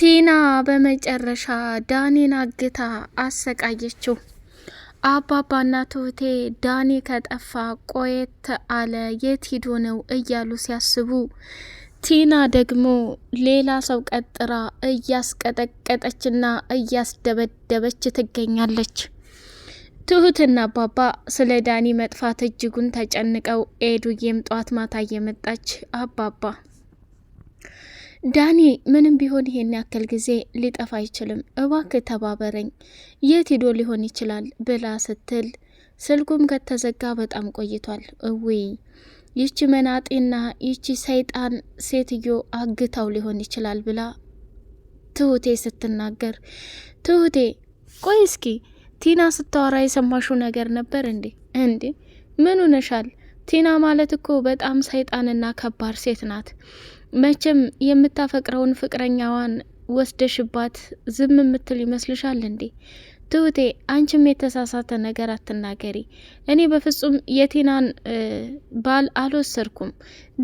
ቲና በመጨረሻ ዳኒን አግታ አሰቃየችው። አባባና ትሁቴ ዳኒ ከጠፋ ቆየት አለ፣ የት ሂዶ ነው እያሉ ሲያስቡ ቲና ደግሞ ሌላ ሰው ቀጥራ እያስቀጠቀጠችና እያስደበደበች ትገኛለች። ትሁትና አባባ ስለ ዳኒ መጥፋት እጅጉን ተጨንቀው ኤዱዬም ጧት ማታ እየመጣች አባባ ዳኒ ምንም ቢሆን ይሄን ያክል ጊዜ ሊጠፋ አይችልም፣ እባክህ ተባበረኝ፣ የት ሂዶ ሊሆን ይችላል ብላ ስትል ስልኩም ከተዘጋ በጣም ቆይቷል። እውይ ይቺ መናጤና ይቺ ሰይጣን ሴትዮ አግታው ሊሆን ይችላል ብላ ትሁቴ ስትናገር፣ ትሁቴ ቆይ እስኪ ቲና ስታወራ የሰማሹ ነገር ነበር እንዴ? እንዴ ምን ሆነሻል? ቲና ማለት እኮ በጣም ሰይጣንና ከባድ ሴት ናት። መቼም የምታፈቅረውን ፍቅረኛዋን ወስደሽባት ዝም የምትል ይመስልሻል እንዴ? ትሁቴ አንቺም የተሳሳተ ነገር አትናገሪ። እኔ በፍጹም የቲናን ባል አልወሰድኩም።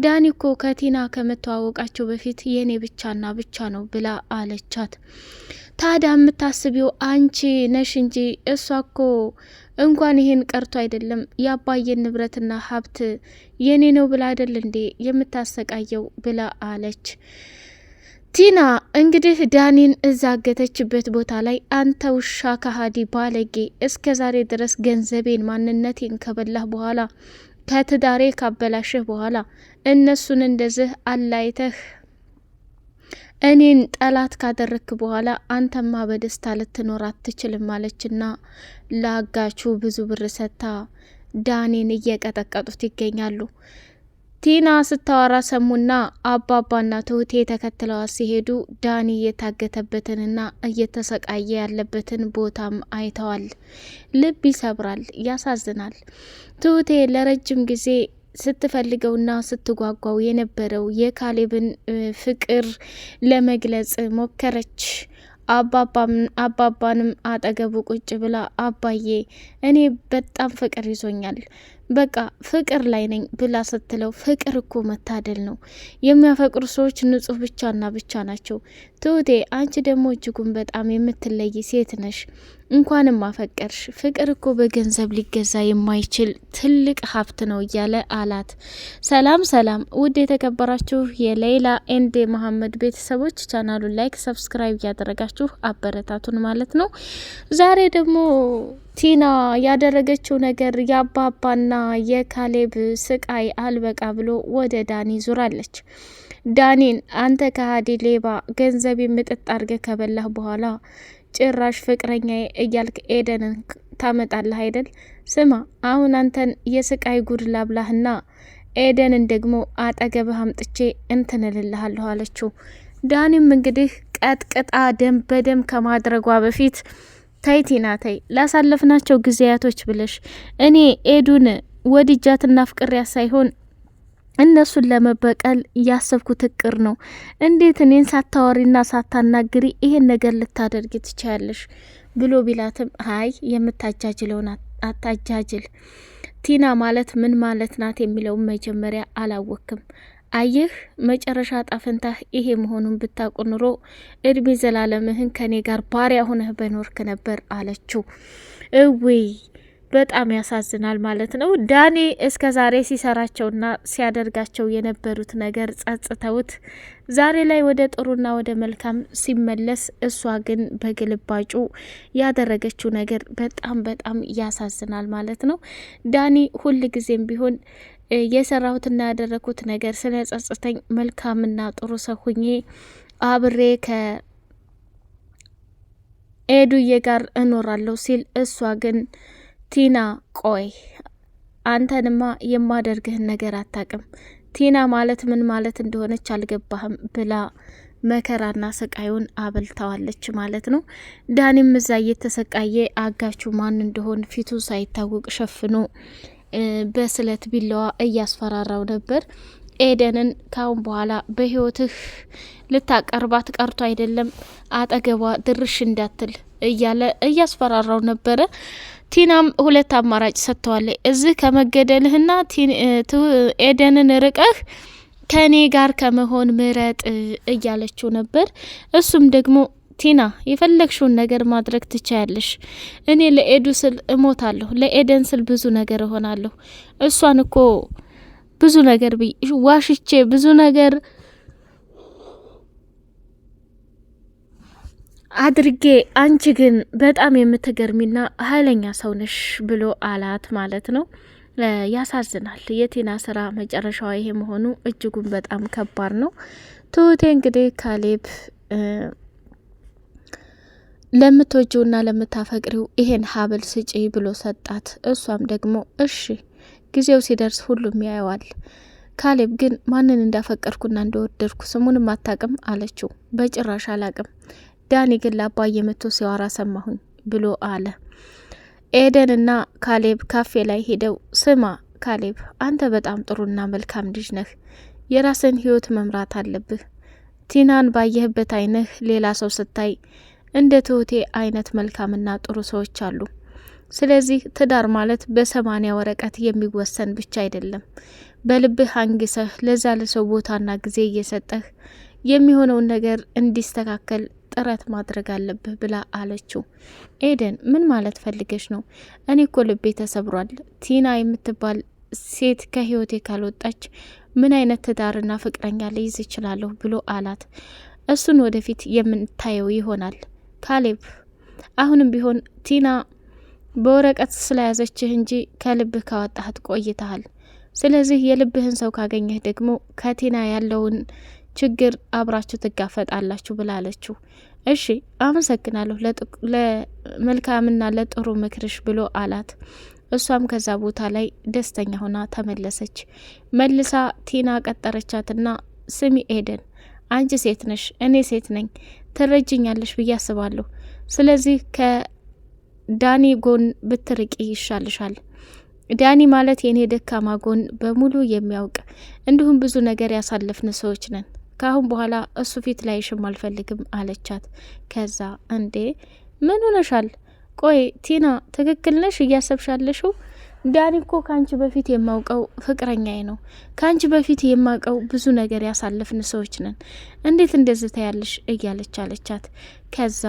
ዳኒ እኮ ከቲና ከመተዋወቃቸው በፊት የእኔ ብቻና ብቻ ነው ብላ አለቻት። ታዲያ የምታስቢው አንቺ ነሽ እንጂ እሷ እኮ እንኳን ይሄን ቀርቶ አይደለም የአባየን ንብረትና ሀብት የኔ ነው ብላ አይደል እንዴ የምታሰቃየው ብላ አለች። ቲና እንግዲህ ዳኒን እዛገተችበት ቦታ ላይ አንተ ውሻ ከሃዲ ባለጌ፣ እስከ ዛሬ ድረስ ገንዘቤን ማንነቴን ከበላህ በኋላ ከትዳሬ ካበላሽህ በኋላ እነሱን እንደዚህ አላይተህ እኔን ጠላት ካደረክ በኋላ አንተማ በደስታ ልትኖር አትችልም አለችና ላጋችሁ ብዙ ብር ሰጥታ ዳኒን እየቀጠቀጡት ይገኛሉ። ቲና ስታወራ ሰሙና አባባና ትሁቴ ተከትለዋት ሲሄዱ ዳኒ እየታገተበትንና እየተሰቃየ ያለበትን ቦታም አይተዋል። ልብ ይሰብራል፣ ያሳዝናል። ትሁቴ ለረጅም ጊዜ ስትፈልገውና ስትጓጓው የነበረው የካሌብን ፍቅር ለመግለጽ ሞከረች። አባባንም አጠገቡ ቁጭ ብላ አባዬ እኔ በጣም ፍቅር ይዞኛል በቃ ፍቅር ላይ ነኝ ብላ ስትለው ፍቅር እኮ መታደል ነው። የሚያፈቅሩ ሰዎች ንጹህ ብቻና ብቻ ናቸው። ትሁቴ፣ አንቺ ደግሞ እጅጉን በጣም የምትለይ ሴት ነሽ። እንኳንም አፈቀርሽ። ፍቅር እኮ በገንዘብ ሊገዛ የማይችል ትልቅ ሀብት ነው እያለ አላት። ሰላም ሰላም! ውድ የተከበራችሁ የሌይላ ኤንድ መሐመድ ቤተሰቦች ቻናሉን ላይክ፣ ሰብስክራይብ እያደረጋችሁ አበረታቱን ማለት ነው። ዛሬ ደግሞ ቲና ያደረገችው ነገር የአባባና የካሌብ ስቃይ አልበቃ ብሎ ወደ ዳኒ ዙራለች። ዳኒን አንተ ከሃዲ ሌባ፣ ገንዘብ የምጥጥ አድርገ ከበላህ በኋላ ጭራሽ ፍቅረኛ እያልክ ኤደንን ታመጣለህ አይደል? ስማ አሁን አንተን የስቃይ ጉድ ላብላህና ኤደንን ደግሞ አጠገብህ አምጥቼ እንትንልልሃለሁ አለችው። ዳኒም እንግዲህ ቀጥቅጣ ደም በደም ከማድረጓ በፊት ተይ ቲና ተይ፣ ላሳለፍናቸው ጊዜያቶች ብለሽ እኔ ኤዱን ወድጃትና ፍቅሪያ ሳይሆን እነሱን ለመበቀል ያሰብኩት እቅር ነው። እንዴት እኔን ሳታወሪና ሳታናግሪ ይሄን ነገር ልታደርግ ትችያለሽ? ብሎ ቢላትም ሀይ የምታጃጅለውን አታጃጅል ቲና ማለት ምን ማለት ናት የሚለውን መጀመሪያ አላወክም አየህ መጨረሻ ጣፈንታህ ይሄ መሆኑን ብታቁ ኑሮ እድሜ ዘላለምህን ከኔ ጋር ባሪያ ሆነህ በኖርክ ነበር አለችው። እውይ በጣም ያሳዝናል ማለት ነው። ዳኔ እስከ ዛሬ ሲሰራቸውና ሲያደርጋቸው የነበሩት ነገር ጸጽተውት ዛሬ ላይ ወደ ጥሩና ወደ መልካም ሲመለስ፣ እሷ ግን በግልባጩ ያደረገችው ነገር በጣም በጣም ያሳዝናል ማለት ነው። ዳኒ ሁል ጊዜም ቢሆን የሰራሁትና ያደረግኩት ነገር ስለ ጸጸተኝ መልካምና ጥሩ ሰው ሁኜ አብሬ ከኤዱዬ ጋር እኖራለሁ ሲል እሷ ግን ቲና ቆይ አንተንማ የማደርግህን ነገር አታቅም። ቲና ማለት ምን ማለት እንደሆነች አልገባህም ብላ መከራና ስቃዩን አበልታዋለች ማለት ነው። ዳኒም እዛ እየተሰቃየ አጋቹ ማን እንደሆን ፊቱ ሳይታወቅ ሸፍኖ በስለት ቢላዋ እያስፈራራው ነበር። ኤደንን ካሁን በኋላ በህይወትህ ልታቀርባት ቀርቶ አይደለም አጠገቧ ድርሽ እንዳትል እያለ እያስፈራራው ነበረ። ቲናም ሁለት አማራጭ ሰጥተዋለች። እዚህ ከመገደልህና ኤደንን ርቀህ ከእኔ ጋር ከመሆን ምረጥ እያለችው ነበር። እሱም ደግሞ ቲና የፈለግሽውን ነገር ማድረግ ትቻያለሽ። እኔ ለኤዱ ስል እሞታለሁ፣ ለኤደን ስል ብዙ ነገር እሆናለሁ። እሷን እኮ ብዙ ነገር ዋሽቼ ብዙ ነገር አድርጌ አንቺ ግን በጣም የምትገርሚና ኃይለኛ ሰው ነሽ ብሎ አላት ማለት ነው። ያሳዝናል። የቲና ስራ መጨረሻዋ ይሄ መሆኑ እጅጉን በጣም ከባድ ነው። ትሁቴ እንግዲህ ካሌብ ለምትወጂውና ለምታፈቅሪው ይሄን ሀብል ስጪ ብሎ ሰጣት። እሷም ደግሞ እሺ፣ ጊዜው ሲደርስ ሁሉም ያየዋል። ካሌብ ግን ማንን እንዳፈቀድኩና እንደወደድኩ ስሙንም አታቅም አለችው። በጭራሽ አላቅም፣ ዳኒ ግን ለአባዬ መጥቶ ሲያወራ ሰማሁኝ ብሎ አለ። ኤደንና ካሌብ ካፌ ላይ ሄደው ስማ ካሌብ፣ አንተ በጣም ጥሩና መልካም ልጅ ነህ። የራስን ህይወት መምራት አለብህ። ቲናን ባየህበት አይነህ ሌላ ሰው ስታይ እንደ ትሁቴ አይነት መልካምና ጥሩ ሰዎች አሉ። ስለዚህ ትዳር ማለት በሰማኒያ ወረቀት የሚወሰን ብቻ አይደለም። በልብህ አንግሰህ ለዛ ለሰው ቦታና ጊዜ እየሰጠህ የሚሆነውን ነገር እንዲስተካከል ጥረት ማድረግ አለብህ ብላ አለችው። ኤደን ምን ማለት ፈልገች ነው? እኔ እኮ ልቤ ተሰብሯል። ቲና የምትባል ሴት ከህይወቴ ካልወጣች ምን አይነት ትዳርና ፍቅረኛ ልይዝ እችላለሁ ብሎ አላት። እሱን ወደፊት የምንታየው ይሆናል ካሌብ አሁንም ቢሆን ቲና በወረቀት ስለያዘችህ እንጂ ከልብህ ካወጣህት ቆይተሃል። ስለዚህ የልብህን ሰው ካገኘህ ደግሞ ከቲና ያለውን ችግር አብራችሁ ትጋፈጣላችሁ ብላለችው። እሺ አመሰግናለሁ ለመልካምና ለጥሩ ምክርሽ ብሎ አላት። እሷም ከዛ ቦታ ላይ ደስተኛ ሆና ተመለሰች። መልሳ ቲና ቀጠረቻትና ስሚ ኤደን አንቺ ሴት ነሽ፣ እኔ ሴት ነኝ፣ ትረጅኛለሽ ብዬ አስባለሁ። ስለዚህ ከዳኒ ጎን ብትርቂ ይሻልሻል። ዳኒ ማለት የእኔ ደካማ ጎን በሙሉ የሚያውቅ እንዲሁም ብዙ ነገር ያሳለፍን ሰዎች ነን። ከአሁን በኋላ እሱ ፊት ላይሽም አልፈልግም አለቻት። ከዛ እንዴ ምን ሆነሻል? ቆይ ቲና ትክክል ነሽ እያሰብሻለሽው ዳኒ እኮ ከአንቺ በፊት የማውቀው ፍቅረኛዬ ነው። ከአንቺ በፊት የማውቀው ብዙ ነገር ያሳለፍን ሰዎች ነን። እንዴት እንደዚህ ታያለሽ? እያለች አለቻት። ከዛ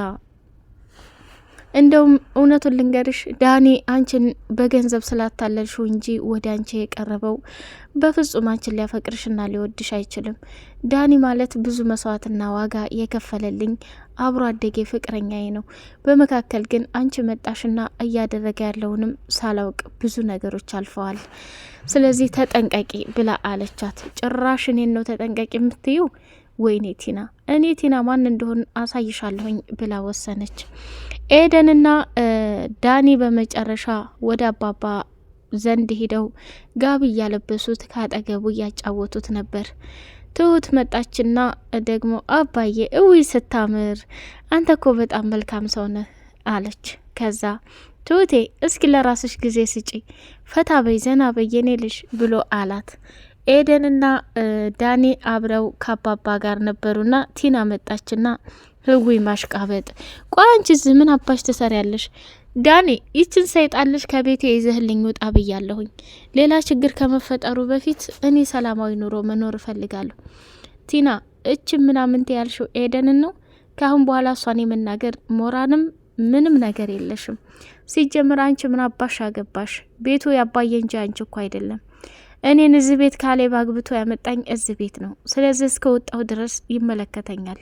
እንደውም እውነቱን ልንገርሽ ዳኒ አንቺን በገንዘብ ስላታለልሽ እንጂ ወደ አንቺ የቀረበው በፍጹም አንቺን ሊያፈቅርሽና ሊወድሽ አይችልም። ዳኒ ማለት ብዙ መስዋዕትና ዋጋ የከፈለልኝ አብሮ አደጌ ፍቅረኛዬ ነው። በመካከል ግን አንቺ መጣሽና እያደረገ ያለውንም ሳላውቅ ብዙ ነገሮች አልፈዋል። ስለዚህ ተጠንቀቂ ብላ አለቻት። ጭራሽ እኔን ነው ተጠንቀቂ የምትዩ? ወይኔ ቲና፣ እኔ ቲና ማን እንደሆን አሳይሻለሁኝ ብላ ወሰነች። ኤደንና ዳኒ በመጨረሻ ወደ አባባ ዘንድ ሂደው ጋቢ እያለበሱት ከአጠገቡ እያጫወቱት ነበር። ትሁት መጣችና ደግሞ አባዬ እዊ ስታምር አንተ ኮ በጣም መልካም ሰው ነህ አለች። ከዛ ትሁቴ እስኪ ለራስሽ ጊዜ ስጪ፣ ፈታ በይ፣ ዘና በይ የኔ ልሽ ብሎ አላት። ኤደንና ዳኒ አብረው ከአባባ ጋር ነበሩና ቲና መጣችና ህዊ ማሽቃበጥ፣ ቋንጭ አንቺ ምን አባሽ ትሰሪያለሽ? ዳኔ ይችን ሰይጣን ልጅ ከቤቴ ይዘህልኝ ውጣ ብያለሁኝ። ሌላ ችግር ከመፈጠሩ በፊት እኔ ሰላማዊ ኑሮ መኖር እፈልጋለሁ። ቲና እች ምናምንት ያልሽው ኤደንን ነው። ከአሁን በኋላ እሷን የመናገር ሞራንም ምንም ነገር የለሽም። ሲጀምር አንቺ ምን አባሽ አገባሽ? ቤቱ ያባየ እንጂ አንቺ እኮ አይደለም። እኔን እዚህ ቤት ካሌብ አግብቶ ያመጣኝ እዚህ ቤት ነው። ስለዚህ እስከ ወጣሁ ድረስ ይመለከተኛል።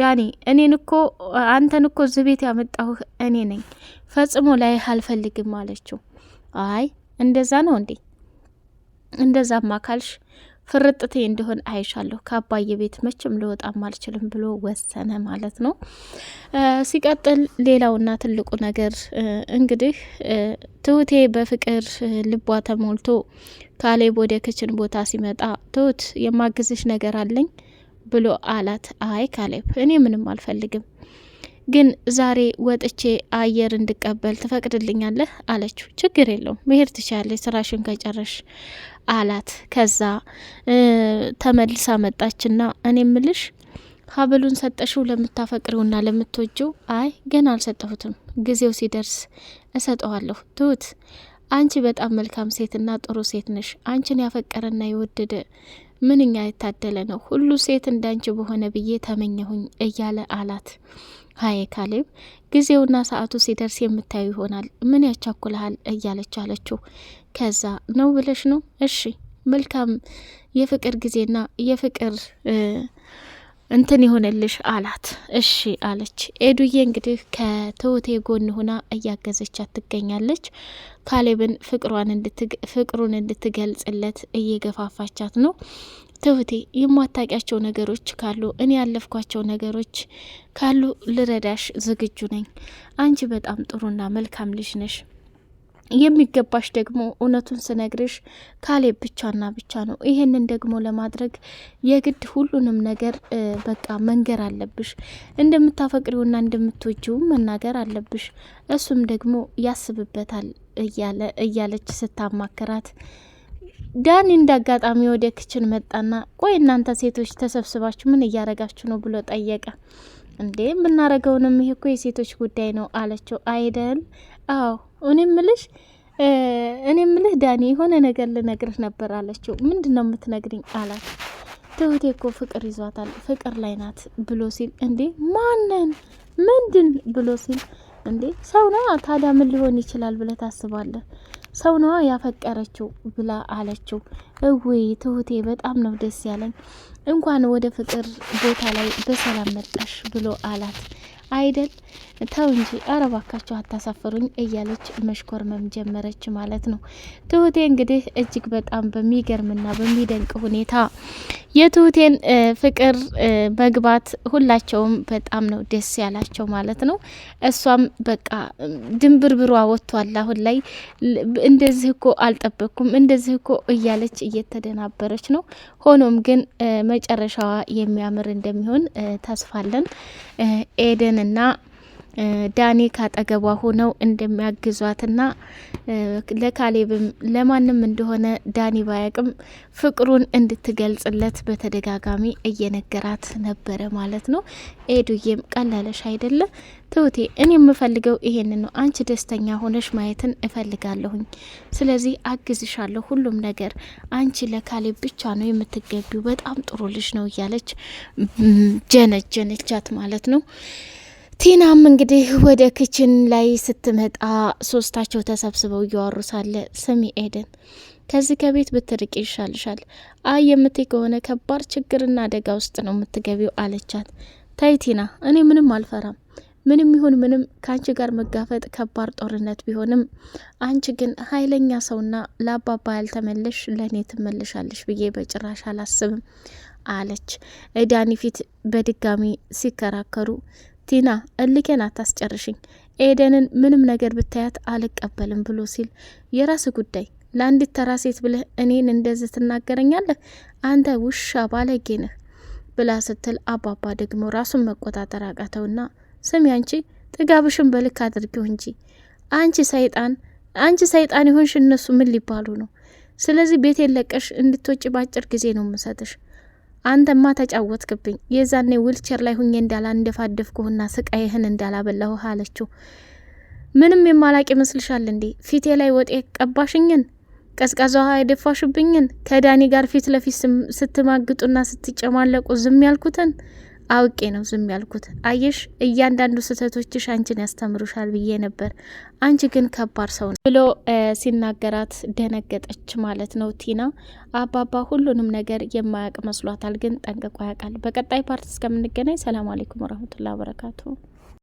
ዳኒ እኔን እኮ አንተን እኮ እዚህ ቤት ያመጣሁህ እኔ ነኝ፣ ፈጽሞ ላይህ አልፈልግም አለችው። አይ እንደዛ ነው እንዴ? እንደዛማ ካልሽ ፍርጥቴ እንደሆን አይሻለሁ። ከአባዬ ቤት መቼም ልወጣም አልችልም ብሎ ወሰነ ማለት ነው። ሲቀጥል ሌላውና ትልቁ ነገር እንግዲህ ትሁቴ በፍቅር ልቧ ተሞልቶ ካሌብ ወደ ክችን ቦታ ሲመጣ ትሁት የማግዝሽ ነገር አለኝ ብሎ አላት። አይ ካሌብ፣ እኔ ምንም አልፈልግም፣ ግን ዛሬ ወጥቼ አየር እንድቀበል ትፈቅድልኛለህ አለችው። ችግር የለውም መሄድ ትችያለሽ ስራሽን ከጨረሽ አላት። ከዛ ተመልሳ መጣችና እኔ ምልሽ ሀብሉን ሰጠሽው ለምታፈቅሪውና ለምትወጂው? አይ ገና አልሰጠሁትም፣ ጊዜው ሲደርስ እሰጠዋለሁ። ትሁት አንቺ በጣም መልካም ሴትና ጥሩ ሴት ነሽ። አንቺን ያፈቀረና የወደደ ምንኛ የታደለ ነው ሁሉ ሴት እንዳንቺ በሆነ ብዬ ተመኘሁኝ እያለ አላት። ሀይ ካሌብ፣ ጊዜውና ሰዓቱ ሲደርስ የምታዩ ይሆናል። ምን ያቻኩልሃል? እያለች አለችው። ከዛ ነው ብለሽ ነው? እሺ፣ መልካም የፍቅር ጊዜና የፍቅር እንትን ይሆንልሽ አላት። እሺ አለች ኤዱዬ። እንግዲህ ከትሁቴ ጎን ሆና እያገዘቻት ትገኛለች። ካሌብን ፍቅሯን ፍቅሩን እንድትገልጽለት እየገፋፋቻት ነው። ትሁቴ የማታውቂያቸው ነገሮች ካሉ እኔ ያለፍኳቸው ነገሮች ካሉ ልረዳሽ ዝግጁ ነኝ። አንቺ በጣም ጥሩና መልካም ልጅ ነሽ የሚገባሽ ደግሞ እውነቱን ስነግርሽ ካሌብ ብቻና ብቻ ነው። ይሄንን ደግሞ ለማድረግ የግድ ሁሉንም ነገር በቃ መንገር አለብሽ። እንደምታፈቅሪውና እንደምትወጅው መናገር አለብሽ። እሱም ደግሞ ያስብበታል እያለች ስታማከራት ዳኒ እንደ አጋጣሚ ወደ ክችን መጣና ቆይ እናንተ ሴቶች ተሰብስባችሁ ምን እያረጋችሁ ነው ብሎ ጠየቀ። እንዴ የምናረገውንም ይሄ እኮ የሴቶች ጉዳይ ነው አለችው። አይደል? አዎ እኔ ምልሽ እኔ ምልህ ዳኒ የሆነ ነገር ልነግርህ ነበር አለችው። ምንድን ነው የምትነግርኝ አላት። ትሁቴ እኮ ፍቅር ይዟታል ፍቅር ላይ ናት ብሎ ሲል እንዴ ማንን ምንድን ብሎ ሲል እንዴ ሰው ነዋ ታዲያ ምን ሊሆን ይችላል ብለ ታስባለህ? ሰው ነዋ ያፈቀረችው ብላ አለችው። እዌ ትሁቴ በጣም ነው ደስ ያለኝ፣ እንኳን ወደ ፍቅር ቦታ ላይ በሰላም መጣሽ ብሎ አላት። አይደል? ተው እንጂ አረባካችሁ አታሳፍሩኝ እያለች መሽኮርመም ጀመረች ማለት ነው። ትሁቴ እንግዲህ እጅግ በጣም በሚገርምና በሚደንቅ ሁኔታ የትሁቴን ፍቅር መግባት ሁላቸውም በጣም ነው ደስ ያላቸው ማለት ነው። እሷም በቃ ድንብርብሯ ወጥቷል። አሁን ላይ እንደዚህ እኮ አልጠበቅኩም፣ እንደዚህ እኮ እያለች እየተደናበረች ነው። ሆኖም ግን መጨረሻዋ የሚያምር እንደሚሆን ተስፋለን። ኤደንና ዳኔ ካጠገቧ ሆነው እንደሚያግዟትና ለካሌብም ለማንም እንደሆነ ዳኒ ባያቅም ፍቅሩን እንድትገልጽለት በተደጋጋሚ እየነገራት ነበረ ማለት ነው። ኤዱዬም ቀላለሽ አይደለ ትሁቴ፣ እኔ የምፈልገው ይሄን ነው። አንቺ ደስተኛ ሆነሽ ማየትን እፈልጋለሁኝ። ስለዚህ አግዝሻለሁ። ሁሉም ነገር አንቺ ለካሌብ ብቻ ነው የምትገቢው። በጣም ጥሩ ልጅ ነው እያለች ጀነጀነቻት ማለት ነው። ቲናም እንግዲህ ወደ ክችን ላይ ስትመጣ ሶስታቸው ተሰብስበው እያወሩ ሳለ ስሚ ኤደን፣ ከዚህ ከቤት ብትርቅ ይሻልሻል። አይ የምትይ ከሆነ ከባድ ችግርና አደጋ ውስጥ ነው የምትገቢው አለቻት። ታይ ቲና፣ እኔ ምንም አልፈራም። ምንም ይሁን ምንም ከአንቺ ጋር መጋፈጥ ከባድ ጦርነት ቢሆንም አንቺ ግን ኃይለኛ ሰውና ለአባባ ያልተመለሽ ለእኔ ትመልሻለሽ ብዬ በጭራሽ አላስብም አለች። ዳኒ ፊት በድጋሚ ሲከራከሩ ቲና እልኬን አታስጨርሽኝ፣ ኤደንን ምንም ነገር ብታያት አልቀበልም ብሎ ሲል የራስ ጉዳይ ለአንዲት ተራ ሴት ብለህ እኔን እንደዚህ ትናገረኛለህ? አንተ ውሻ ባለጌ ነህ ብላ ስትል አባባ ደግሞ ራሱን መቆጣጠር አቃተውና ስሚ አንቺ ጥጋብሽን በልክ አድርጊው እንጂ አንቺ ሰይጣን አንቺ ሰይጣን የሆንሽ እነሱ ምን ሊባሉ ነው? ስለዚህ ቤት የለቀሽ እንድትወጪ በአጭር ጊዜ ነው ምሰጥሽ አንተማ ተጫወትክብኝ። የዛኔ ዊልቸር ላይ ሁኜ እንዳላንደፋደፍኩህና ስቃይህን እንዳላበላሁህ አለችው። ምንም የማላቅ ይመስልሻል እንዴ? ፊቴ ላይ ወጤ ቀባሽኝን፣ ቀዝቃዛ ውሃ የደፋሽብኝን፣ ከዳኒ ጋር ፊት ለፊት ስትማግጡና ስትጨማለቁ ዝም ያልኩትን አውቄ ነው ዝም ያልኩት። አየሽ እያንዳንዱ ስህተቶችሽ አንቺን ያስተምሩሻል ብዬ ነበር። አንቺ ግን ከባድ ሰው ነው ብሎ ሲናገራት ደነገጠች ማለት ነው። ቲና አባባ ሁሉንም ነገር የማያውቅ መስሏታል፣ ግን ጠንቅቆ ያውቃል። በቀጣይ ፓርት እስከምንገናኝ ሰላም አሌይኩም ወረህመቱላህ በረካቱ